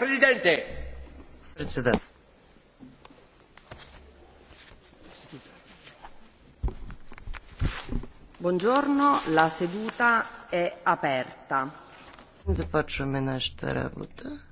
Presidente! Председател. Buongiorno, la seduta è aperta. Започваме нашата работа.